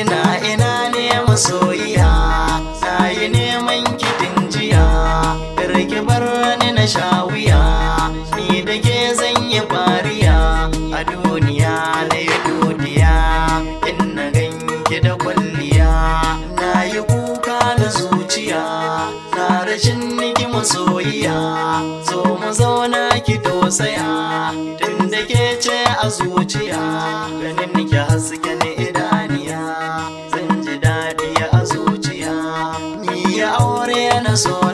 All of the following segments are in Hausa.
ina ina ne masoyiya na yi neman kitin jiya rike bar ni na shawiya ni da ke zan yi fariya a duniya na yi dodiya in na ganki da kwalliya na yi kuka na zuciya na rashin niki masoyiya zo mu zauna corazón.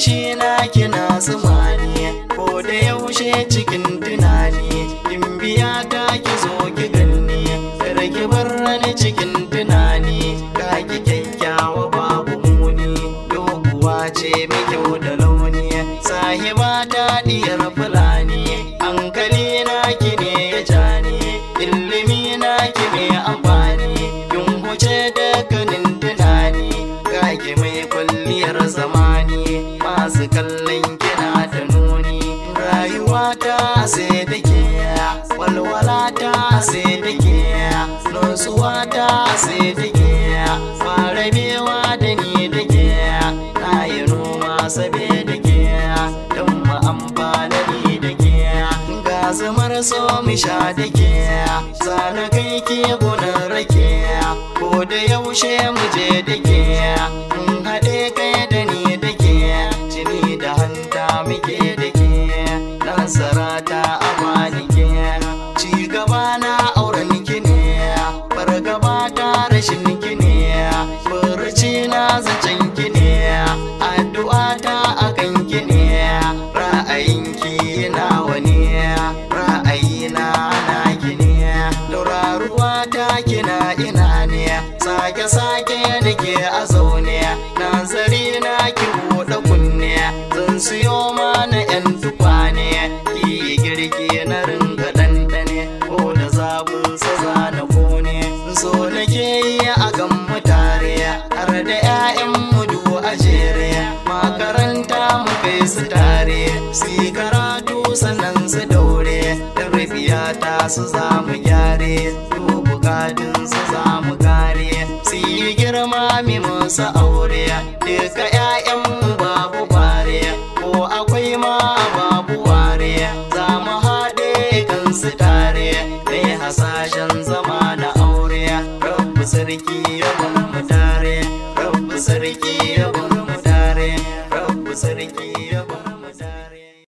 shi na kina zumani ko da yaushe cikin tunani in biya ta ki zo ki ganni da ki bar ni cikin tunani ka ki kyakkyawa babu muni doguwa ce mai kyau da launi sahiba ta diyar fulani hankali na ki ne ya jani ilimi na ki ne amfani yin da kanin tunani ka ki mai kwalliyar zama masu kallon kina da nuni rayuwa ta sai da ke walwala ta sai da ke nutsuwa ta sai da ke farabewa da ni da ke na yi noma sabe da ke don ma amfana ni da ke ga zamar so mu sha da ke zana kai ke gonar rake ko da yaushe mu je da ke rashin kine furuci na zancen kine addu'a ta akan kine ra'ayinki na wani ra'ayina na kine lauraruwa ta kina ina ne sake sake nake a zaune nazari na ki buɗe kunne zan siyo mana yan tukwane ki girki na ringa dandane ko da zabun sa su tare su karatu sannan su daure tarbiya ta su za mu gyare duk bukatun su za mu kare su yi girma mi musu aure duka mu babu bare ko akwai ma babu ware za mu haɗe kan su tare dai hasashen zama na aure rabu sarki ya mu rabu sarki mu tare rabu sarki